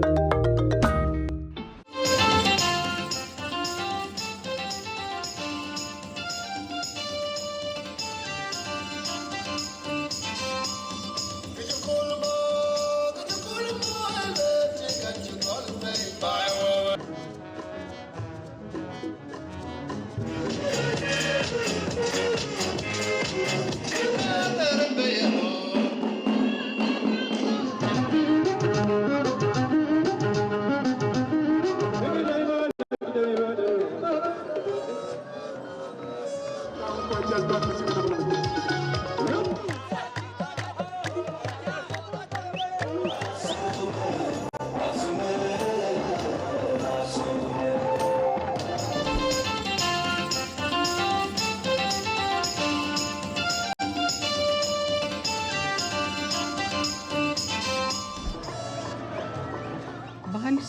Thank you.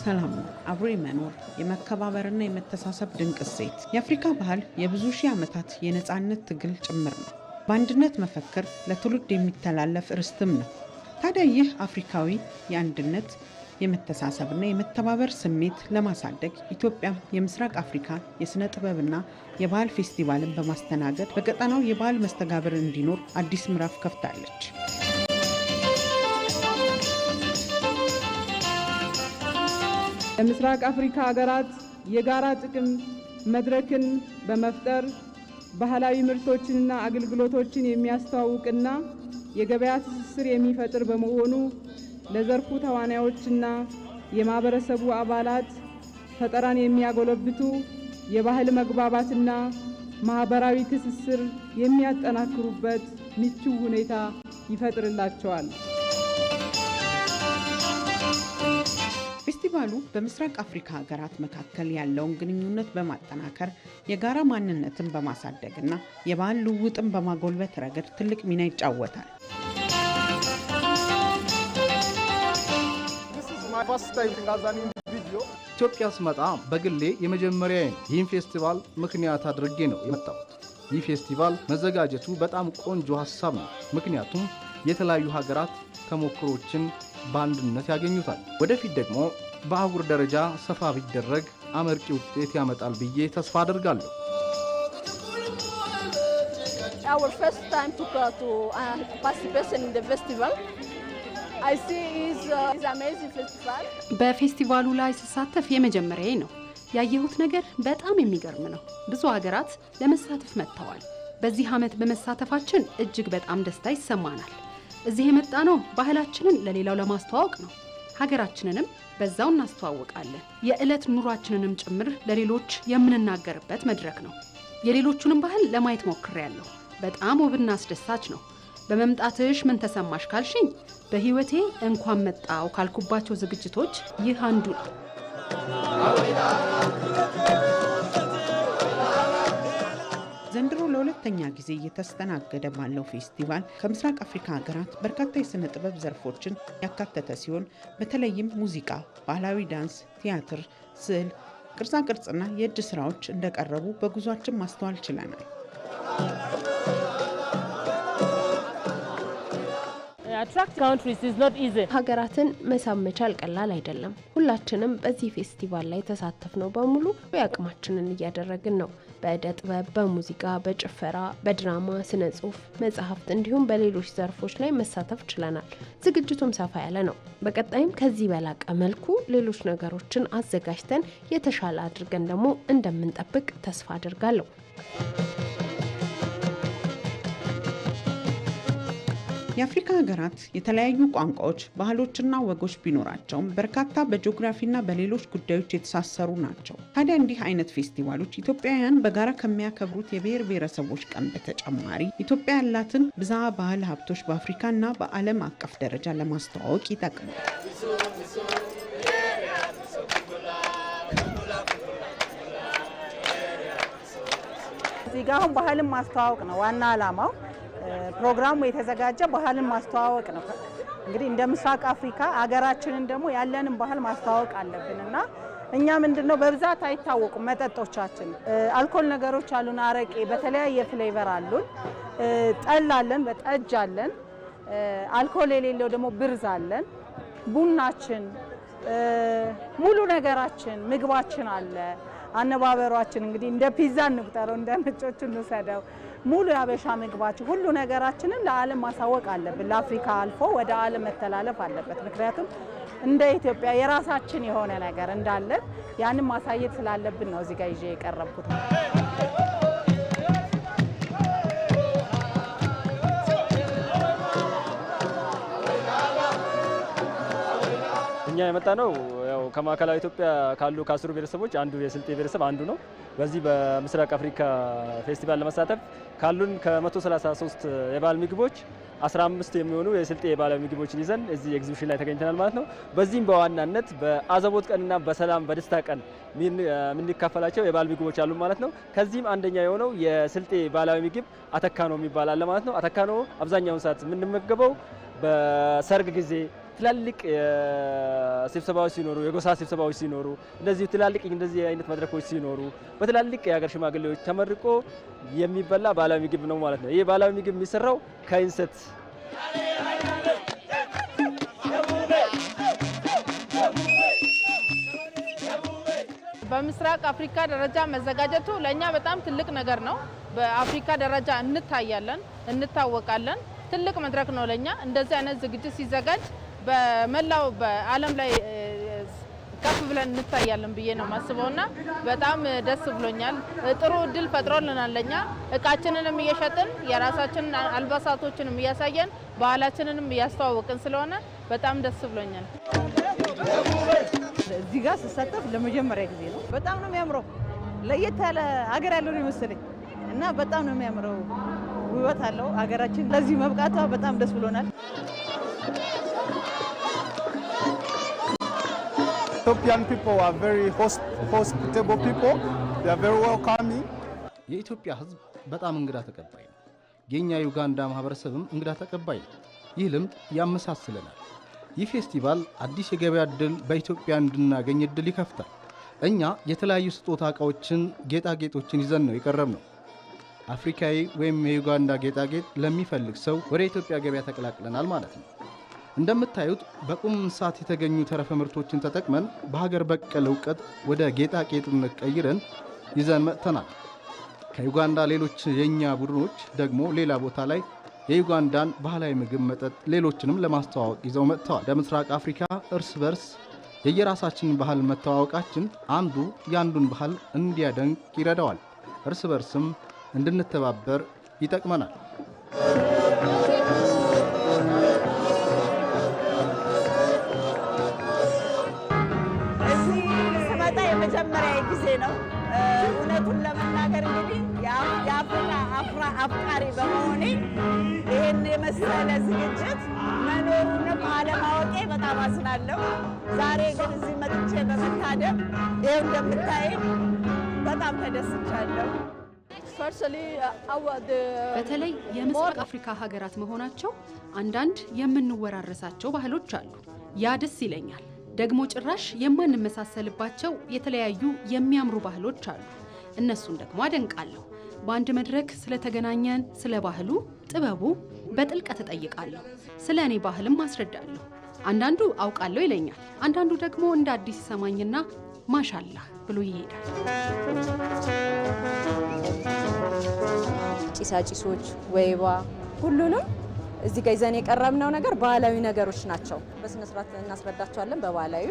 ሰላም ነው። አብሮ የመኖር የመከባበርና የመተሳሰብ ድንቅ እሴት የአፍሪካ ባህል የብዙ ሺህ ዓመታት የነፃነት ትግል ጭምር ነው። በአንድነት መፈክር ለትውልድ የሚተላለፍ ርስትም ነው። ታዲያ ይህ አፍሪካዊ የአንድነት የመተሳሰብና የመተባበር ስሜት ለማሳደግ ኢትዮጵያ የምስራቅ አፍሪካ የሥነ ጥበብና የባህል ፌስቲቫልን በማስተናገድ በቀጠናው የባህል መስተጋብር እንዲኖር አዲስ ምዕራፍ ከፍታለች። ከምስራቅ አፍሪካ ሀገራት የጋራ ጥቅም መድረክን በመፍጠር ባህላዊ ምርቶችንና አገልግሎቶችን የሚያስተዋውቅና የገበያ ትስስር የሚፈጥር በመሆኑ ለዘርፉ ተዋናዮችና የማህበረሰቡ አባላት ፈጠራን የሚያጎለብቱ የባህል መግባባትና ማህበራዊ ትስስር የሚያጠናክሩበት ምቹ ሁኔታ ይፈጥርላቸዋል። ፌስቲቫሉ በምስራቅ አፍሪካ ሀገራት መካከል ያለውን ግንኙነት በማጠናከር የጋራ ማንነትን በማሳደግና የባህል ልውውጥን በማጎልበት ረገድ ትልቅ ሚና ይጫወታል። ኢትዮጵያ ስመጣ በግሌ የመጀመሪያ ይህን ፌስቲቫል ምክንያት አድርጌ ነው የመጣሁት። ይህ ፌስቲቫል መዘጋጀቱ በጣም ቆንጆ ሀሳብ ነው። ምክንያቱም የተለያዩ ሀገራት ተሞክሮችን በአንድነት ያገኙታል። ወደፊት ደግሞ በአህጉር ደረጃ ሰፋ ቢደረግ አመርቂ ውጤት ያመጣል ብዬ ተስፋ አደርጋለሁ። uh, uh, በፌስቲቫሉ ላይ ስሳተፍ የመጀመሪያዬ ነው። ያየሁት ነገር በጣም የሚገርም ነው። ብዙ ሀገራት ለመሳተፍ መጥተዋል። በዚህ ዓመት በመሳተፋችን እጅግ በጣም ደስታ ይሰማናል። እዚህ የመጣ ነው ባህላችንን ለሌላው ለማስተዋወቅ ነው። ሀገራችንንም በዛው እናስተዋውቃለን። የዕለት ኑሯችንንም ጭምር ለሌሎች የምንናገርበት መድረክ ነው። የሌሎቹንም ባህል ለማየት ሞክሬያለሁ። በጣም ውብና አስደሳች ነው። በመምጣትሽ ምን ተሰማሽ ካልሽኝ፣ በሕይወቴ እንኳን መጣው ካልኩባቸው ዝግጅቶች ይህ አንዱ ነው። ለሁለተኛ ጊዜ እየተስተናገደ ባለው ፌስቲቫል ከምስራቅ አፍሪካ ሀገራት በርካታ የሥነ ጥበብ ዘርፎችን ያካተተ ሲሆን በተለይም ሙዚቃ፣ ባህላዊ ዳንስ፣ ቲያትር፣ ስዕል፣ ቅርጻ ቅርጽና የእጅ ሥራዎች እንደቀረቡ በጉዟችን ማስተዋል ችለናል። ሀገራትን መሳብ መቻል ቀላል አይደለም። ሁላችንም በዚህ ፌስቲቫል ላይ ተሳተፍነው በሙሉ የአቅማችንን እያደረግን ነው። በእደ ጥበብ፣ በሙዚቃ፣ በጭፈራ፣ በድራማ፣ ስነ ጽሁፍ፣ መጽሐፍት እንዲሁም በሌሎች ዘርፎች ላይ መሳተፍ ችለናል። ዝግጅቱም ሰፋ ያለ ነው። በቀጣይም ከዚህ በላቀ መልኩ ሌሎች ነገሮችን አዘጋጅተን የተሻለ አድርገን ደግሞ እንደምንጠብቅ ተስፋ አድርጋለሁ። የአፍሪካ ሀገራት የተለያዩ ቋንቋዎች፣ ባህሎችና ወጎች ቢኖራቸውም በርካታ በጂኦግራፊና በሌሎች ጉዳዮች የተሳሰሩ ናቸው። ታዲያ እንዲህ አይነት ፌስቲቫሎች ኢትዮጵያውያን በጋራ ከሚያከብሩት የብሔር ብሔረሰቦች ቀን በተጨማሪ ኢትዮጵያ ያላትን ብዝሃ ባህል ሀብቶች በአፍሪካና በዓለም አቀፍ ደረጃ ለማስተዋወቅ ይጠቅማል። እዚህ ጋር አሁን ባህልን ማስተዋወቅ ነው ዋና ዓላማው። ፕሮግራሙ የተዘጋጀ ባህልን ማስተዋወቅ ነው። እንግዲህ እንደ ምስራቅ አፍሪካ አገራችንን ደግሞ ያለንን ባህል ማስተዋወቅ አለብን እና እኛ ምንድን ነው በብዛት አይታወቁም መጠጦቻችን። አልኮል ነገሮች አሉን፣ አረቄ በተለያየ ፍሌቨር አሉን፣ ጠላ አለን፣ በጠጅ አለን፣ አልኮል የሌለው ደግሞ ብርዝ አለን። ቡናችን፣ ሙሉ ነገራችን፣ ምግባችን አለ። አነባበሯችን እንግዲህ እንደ ፒዛ እንቁጠረው፣ እንደ ነጮቹ እንውሰደው። ሙሉ የሀበሻ ምግባችን ሁሉ ነገራችንን ለዓለም ማሳወቅ አለብን። ለአፍሪካ አልፎ ወደ ዓለም መተላለፍ አለበት። ምክንያቱም እንደ ኢትዮጵያ የራሳችን የሆነ ነገር እንዳለን ያንን ማሳየት ስላለብን ነው እዚህ ጋር ይዤ የቀረብኩት። እኛ የመጣ ነው ያው ከማዕከላዊ ኢትዮጵያ ካሉ ከአስሩ ብሔረሰቦች አንዱ የስልጤ ብሔረሰብ አንዱ ነው። በዚህ በምስራቅ አፍሪካ ፌስቲቫል ለመሳተፍ ካሉን ከ133 የባህል ምግቦች 15 የሚሆኑ የስልጤ የባህላዊ ምግቦችን ይዘን እዚህ ኤግዚቢሽን ላይ ተገኝተናል ማለት ነው። በዚህም በዋናነት በአዘቦት ቀንና በሰላም በደስታ ቀን የምንካፈላቸው የባህል ምግቦች አሉ ማለት ነው። ከዚህም አንደኛ የሆነው የስልጤ ባህላዊ ምግብ አተካኖ የሚባል አለ ማለት ነው። አተካኖ አብዛኛውን ሰዓት የምንመገበው በሰርግ ጊዜ ትላልቅ ስብሰባዎች ሲኖሩ፣ የጎሳ ስብሰባዎች ሲኖሩ፣ እንደዚህ ትላልቅ እንደዚህ አይነት መድረኮች ሲኖሩ በትላልቅ የሀገር ሽማግሌዎች ተመርቆ የሚበላ ባህላዊ ምግብ ነው ማለት ነው። ይህ ባህላዊ ምግብ የሚሰራው ከእንሰት በምስራቅ አፍሪካ ደረጃ መዘጋጀቱ ለእኛ በጣም ትልቅ ነገር ነው። በአፍሪካ ደረጃ እንታያለን፣ እንታወቃለን። ትልቅ መድረክ ነው ለእኛ እንደዚህ አይነት ዝግጅት ሲዘጋጅ በመላው በዓለም ላይ ከፍ ብለን እንታያለን ብዬ ነው የማስበው እና በጣም ደስ ብሎኛል። ጥሩ እድል ፈጥሮልናል ለኛ እቃችንንም እየሸጥን የራሳችንን አልባሳቶችንም እያሳየን ባህላችንንም እያስተዋወቅን ስለሆነ በጣም ደስ ብሎኛል። እዚህ ጋር ስሳተፍ ለመጀመሪያ ጊዜ ነው። በጣም ነው የሚያምረው። ለየት ያለ ሀገር ያለው ነው ይመስለኝ እና በጣም ነው የሚያምረው። ውበት አለው ሀገራችን። ለዚህ መብቃቷ በጣም ደስ ብሎናል። Ethiopian people የኢትዮጵያ ሕዝብ በጣም እንግዳ ተቀባይ ነው። የእኛ ዩጋንዳ ማህበረሰብም እንግዳ ተቀባይ ነው። ይህ ልምድ ያመሳስለናል። ይህ ፌስቲቫል አዲስ የገበያ ዕድል በኢትዮጵያ እንድናገኝ ዕድል ይከፍታል። እኛ የተለያዩ ስጦታ ዕቃዎችን፣ ጌጣጌጦችን ይዘን ነው የቀረብ ነው። አፍሪካዊ ወይም የዩጋንዳ ጌጣጌጥ ለሚፈልግ ሰው ወደ ኢትዮጵያ ገበያ ተቀላቅለናል ማለት ነው። እንደምታዩት በቁም እንስሳት የተገኙ ተረፈ ምርቶችን ተጠቅመን በሀገር በቀል እውቀት ወደ ጌጣጌጥነት ቀይረን ይዘን መጥተናል። ከዩጋንዳ ሌሎች የእኛ ቡድኖች ደግሞ ሌላ ቦታ ላይ የዩጋንዳን ባህላዊ ምግብ፣ መጠጥ፣ ሌሎችንም ለማስተዋወቅ ይዘው መጥተዋል። ለምስራቅ አፍሪካ እርስ በርስ የየራሳችንን ባህል መተዋወቃችን አንዱ የአንዱን ባህል እንዲያደንቅ ይረዳዋል፣ እርስ በርስም እንድንተባበር ይጠቅመናል። ያለ ዝግጅት መኖሩንም አለማወቄ በጣም አዝናለሁ። ዛሬ ግን እዚህ መጥቼ በመታደም ይኸው እንደምታይ በጣም ተደስቻለሁ። uh, በተለይ የምስራቅ አፍሪካ ሀገራት መሆናቸው አንዳንድ የምንወራረሳቸው ባህሎች አሉ። ያ ደስ ይለኛል። ደግሞ ጭራሽ የማንመሳሰልባቸው የተለያዩ የሚያምሩ ባህሎች አሉ። እነሱን ደግሞ አደንቃለሁ። በአንድ መድረክ ስለተገናኘን፣ ስለ ባህሉ፣ ጥበቡ በጥልቀት እጠይቃለሁ። ስለ እኔ ባህልም አስረዳለሁ። አንዳንዱ አውቃለሁ ይለኛል፣ አንዳንዱ ደግሞ እንደ አዲስ ይሰማኝና ማሻላህ ብሎ ይሄዳል። ጭሳጭሶች፣ ወይባ ሁሉንም እዚህ ጋር ይዘን የቀረብነው ነገር ባህላዊ ነገሮች ናቸው። በስነስርዓት እናስረዳቸዋለን በባህላዊ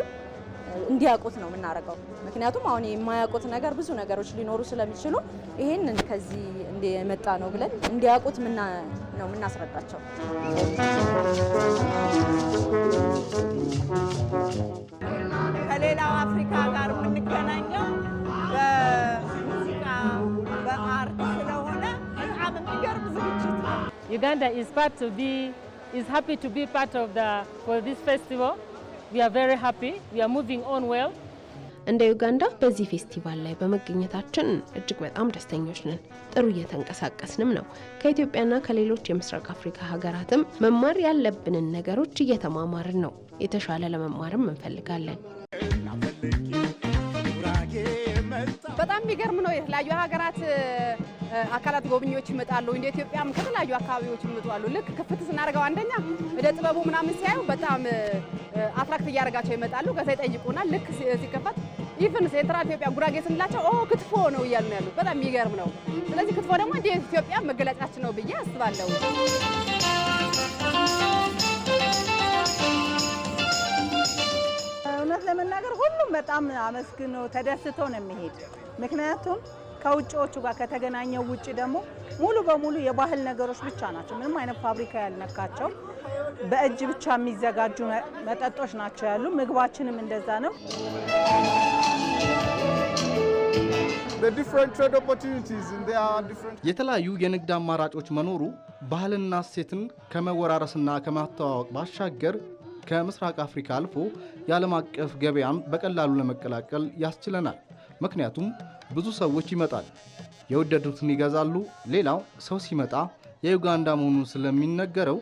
እንዲያውቁት ነው የምናደርገው። ምክንያቱም አሁን የማያውቁት ነገር ብዙ ነገሮች ሊኖሩ ስለሚችሉ ይህን ከዚህ እንደመጣ ነው ብለን እንዲያውቁት ነው የምናስረዳቸው። ከሌላው አፍሪካ ጋር የምንገናኘው በሙዚቃ በአርት ስለሆነ በጣም የሚገርም ዝግጅት ነው። ዩጋንዳ ኢዝ ፓርት ቱ ቢ ኢዝ ሃፒ ቱ ቢ ፓርት ኦፍ the ፎር this ፌስቲቫል እንደ ዩጋንዳ በዚህ ፌስቲቫል ላይ በመገኘታችን እጅግ በጣም ደስተኞች ነን። ጥሩ እየተንቀሳቀስንም ነው። ከኢትዮጵያና ከሌሎች የምስራቅ አፍሪካ ሀገራትም መማር ያለብንን ነገሮች እየተማማርን ነው። የተሻለ ለመማርም እንፈልጋለን። በጣም የሚገርም ነው የተለያዩ ሀገራት አካላት ጎብኚዎች ይመጣሉ። እንደ ኢትዮጵያም ከተለያዩ አካባቢዎች ይመጣሉ። ልክ ክፍት ስናደርገው አንደኛ እደ ጥበቡ ምናምን ሲያዩ በጣም አትራክት እያደረጋቸው ይመጣሉ። ከዛ ይጠይቁና ልክ ሲከፈት ኢቭን ሴንትራል ኢትዮጵያ ጉራጌ ስንላቸው ኦ ክትፎ ነው እያሉ ነው ያሉት። በጣም የሚገርም ነው። ስለዚህ ክትፎ ደግሞ እንደ ኢትዮጵያ መገለጫችን ነው ብዬ አስባለሁ። እውነት ለመናገር ሁሉም በጣም አመስግኖ ተደስቶ ነው የሚሄድ ምክንያቱም ከውጭዎቹ ጋር ከተገናኘው ውጭ ደግሞ ሙሉ በሙሉ የባህል ነገሮች ብቻ ናቸው። ምንም አይነት ፋብሪካ ያልነካቸው በእጅ ብቻ የሚዘጋጁ መጠጦች ናቸው ያሉ። ምግባችንም እንደዛ ነው። የተለያዩ የንግድ አማራጮች መኖሩ ባህልና እሴትን ከመወራረስና ከማስተዋወቅ ባሻገር ከምስራቅ አፍሪካ አልፎ የዓለም አቀፍ ገበያም በቀላሉ ለመቀላቀል ያስችለናል። ምክንያቱም ብዙ ሰዎች ይመጣል፣ የወደዱትን ይገዛሉ። ሌላው ሰው ሲመጣ የዩጋንዳ መሆኑን ስለሚነገረው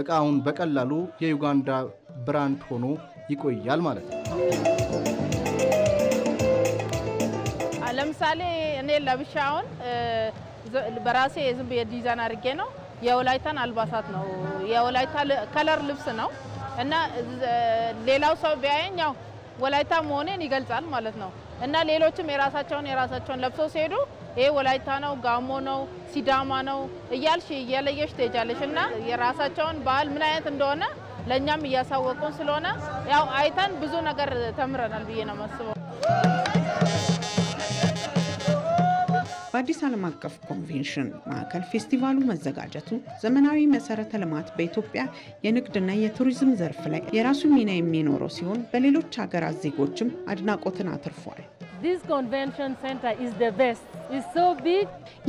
እቃውን በቀላሉ የዩጋንዳ ብራንድ ሆኖ ይቆያል ማለት ነው። ለምሳሌ እኔ ለብሻ አሁን በራሴ ዝም ብዬ ዲዛይን አድርጌ ነው የወላይታን አልባሳት ነው የወላይታ ከለር ልብስ ነው እና ሌላው ሰው ቢያየኝ ያው ወላይታ መሆኔን ይገልጻል ማለት ነው እና ሌሎችም የራሳቸውን የራሳቸውን ለብሰው ሲሄዱ ይሄ ወላይታ ነው፣ ጋሞ ነው፣ ሲዳማ ነው እያልሽ እየለየሽ ትሄጃለሽ እና የራሳቸውን ባህል ምን አይነት እንደሆነ ለእኛም እያሳወቁን ስለሆነ ያው አይተን ብዙ ነገር ተምረናል ብዬ ነው የማስበው። በአዲስ ዓለም አቀፍ ኮንቬንሽን ማዕከል ፌስቲቫሉ መዘጋጀቱ ዘመናዊ መሰረተ ልማት በኢትዮጵያ የንግድና የቱሪዝም ዘርፍ ላይ የራሱ ሚና የሚኖረው ሲሆን በሌሎች ሀገራት ዜጎችም አድናቆትን አትርፏል።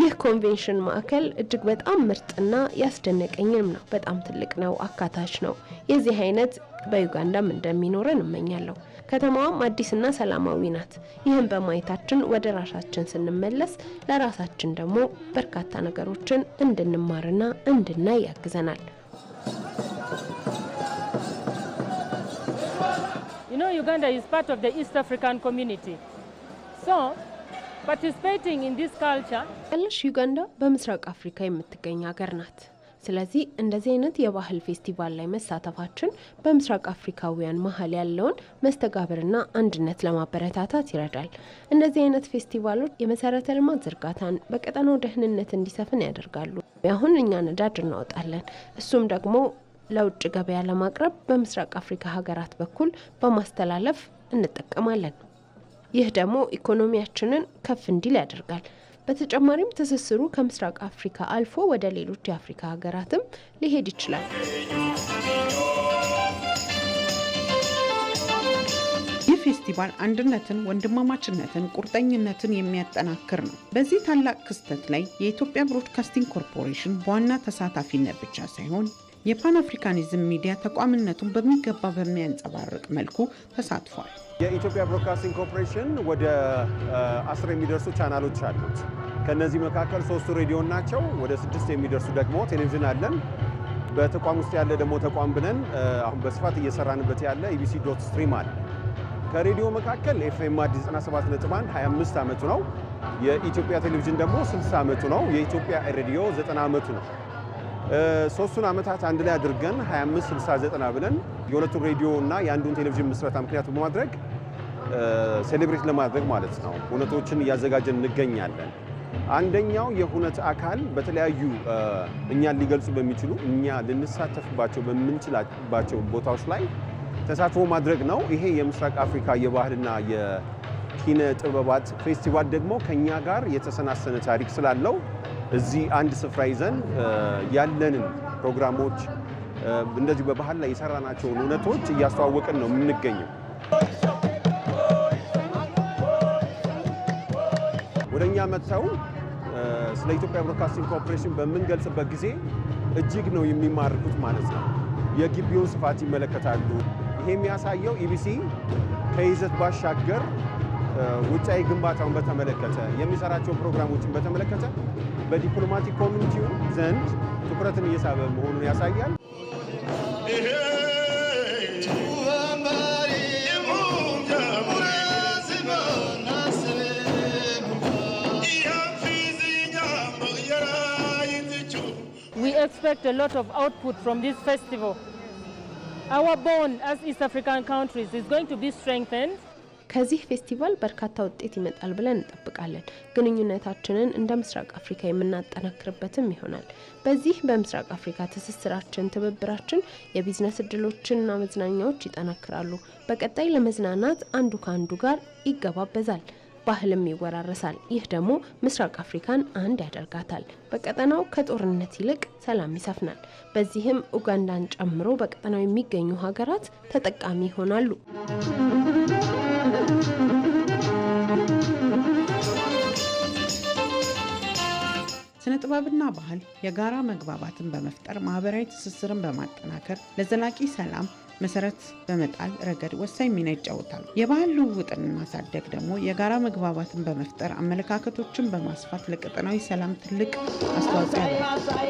ይህ ኮንቬንሽን ማዕከል እጅግ በጣም ምርጥና ያስደነቀኝም ነው። በጣም ትልቅ ነው፣ አካታች ነው። የዚህ አይነት በዩጋንዳም እንደሚኖረን እመኛለሁ። ከተማዋም አዲስና ሰላማዊ ናት። ይህም በማየታችን ወደ ራሳችን ስንመለስ ለራሳችን ደግሞ በርካታ ነገሮችን እንድንማርና እንድናይ ያግዘናል። ዩጋንዳ ኢዝ Uganda is part of the East African community. So, participating in ያለሽ ዩጋንዳ በምስራቅ አፍሪካ የምትገኝ ሀገር ናት። ስለዚህ እንደዚህ አይነት የባህል ፌስቲቫል ላይ መሳተፋችን በምስራቅ አፍሪካውያን መሀል ያለውን መስተጋብርና አንድነት ለማበረታታት ይረዳል። እንደዚህ አይነት ፌስቲቫሎች የመሰረተ ልማት ዝርጋታን፣ በቀጠናው ደህንነት እንዲሰፍን ያደርጋሉ። አሁን እኛ ነዳጅ እናወጣለን፣ እሱም ደግሞ ለውጭ ገበያ ለማቅረብ በምስራቅ አፍሪካ ሀገራት በኩል በማስተላለፍ እንጠቀማለን። ይህ ደግሞ ኢኮኖሚያችንን ከፍ እንዲል ያደርጋል። በተጨማሪም ትስስሩ ከምስራቅ አፍሪካ አልፎ ወደ ሌሎች የአፍሪካ ሀገራትም ሊሄድ ይችላል። ይህ ፌስቲቫል አንድነትን፣ ወንድማማችነትን፣ ቁርጠኝነትን የሚያጠናክር ነው። በዚህ ታላቅ ክስተት ላይ የኢትዮጵያ ብሮድካስቲንግ ኮርፖሬሽን በዋና ተሳታፊነት ብቻ ሳይሆን የፓን አፍሪካኒዝም ሚዲያ ተቋምነቱን በሚገባ በሚያንጸባርቅ መልኩ ተሳትፏል። የኢትዮጵያ ብሮድካስቲንግ ኮርፖሬሽን ወደ አስር የሚደርሱ ቻናሎች አሉት። ከእነዚህ መካከል ሶስቱ ሬዲዮ ናቸው። ወደ ስድስት የሚደርሱ ደግሞ ቴሌቪዥን አለን። በተቋም ውስጥ ያለ ደግሞ ተቋም ብለን አሁን በስፋት እየሰራንበት ያለ ኢቢሲ ዶት ስትሪም አለ። ከሬዲዮ መካከል ኤፍኤም አዲስ 97.1 25 ዓመቱ ነው። የኢትዮጵያ ቴሌቪዥን ደግሞ 60 ዓመቱ ነው። የኢትዮጵያ ሬዲዮ 90 ዓመቱ ነው። ሶስቱን ዓመታት አንድ ላይ አድርገን 25 60 90 ብለን የሁለቱን ሬዲዮ እና የአንዱን ቴሌቪዥን ምስረታ ምክንያት በማድረግ ሴሌብሬት ለማድረግ ማለት ነው ሁነቶችን እያዘጋጀን እንገኛለን። አንደኛው የሁነት አካል በተለያዩ እኛን ሊገልጹ በሚችሉ እኛ ልንሳተፍባቸው በምንችላባቸው ቦታዎች ላይ ተሳትፎ ማድረግ ነው። ይሄ የምስራቅ አፍሪካ የባህልና የኪነ ጥበባት ፌስቲቫል ደግሞ ከኛ ጋር የተሰናሰነ ታሪክ ስላለው እዚህ አንድ ስፍራ ይዘን ያለንን ፕሮግራሞች እንደዚሁ በባህል ላይ የሰራናቸውን እውነቶች እያስተዋወቅን ነው የምንገኘው። ወደ እኛ መጥተው ስለ ኢትዮጵያ ብሮድካስቲንግ ኮርፖሬሽን በምንገልጽበት ጊዜ እጅግ ነው የሚማርኩት ማለት ነው። የግቢውን ስፋት ይመለከታሉ። ይሄ የሚያሳየው ኢቢሲ ከይዘት ባሻገር ውጫዊ ግንባታውን በተመለከተ የሚሰራቸው ፕሮግራሞችን በተመለከተ በዲፕሎማቲክ ኮሚኒቲው ዘንድ ትኩረትን እየሳበ መሆኑን ያሳያል። We expect a lot of output from this festival. Our bond as East African countries is going to be strengthened. ከዚህ ፌስቲቫል በርካታ ውጤት ይመጣል ብለን እንጠብቃለን። ግንኙነታችንን እንደ ምስራቅ አፍሪካ የምናጠናክርበትም ይሆናል። በዚህ በምስራቅ አፍሪካ ትስስራችን፣ ትብብራችን የቢዝነስ እድሎችና መዝናኛዎች ይጠናክራሉ። በቀጣይ ለመዝናናት አንዱ ከአንዱ ጋር ይገባበዛል፣ ባህልም ይወራረሳል። ይህ ደግሞ ምስራቅ አፍሪካን አንድ ያደርጋታል። በቀጠናው ከጦርነት ይልቅ ሰላም ይሰፍናል። በዚህም ኡጋንዳን ጨምሮ በቀጠናው የሚገኙ ሀገራት ተጠቃሚ ይሆናሉ። ጥበብና ባህል የጋራ መግባባትን በመፍጠር ማህበራዊ ትስስርን በማጠናከር ለዘላቂ ሰላም መሰረት በመጣል ረገድ ወሳኝ ሚና ይጫወታሉ። የባህል ልውውጥን ማሳደግ ደግሞ የጋራ መግባባትን በመፍጠር አመለካከቶችን በማስፋት ለቀጠናዊ ሰላም ትልቅ አስተዋጽኦ ያለው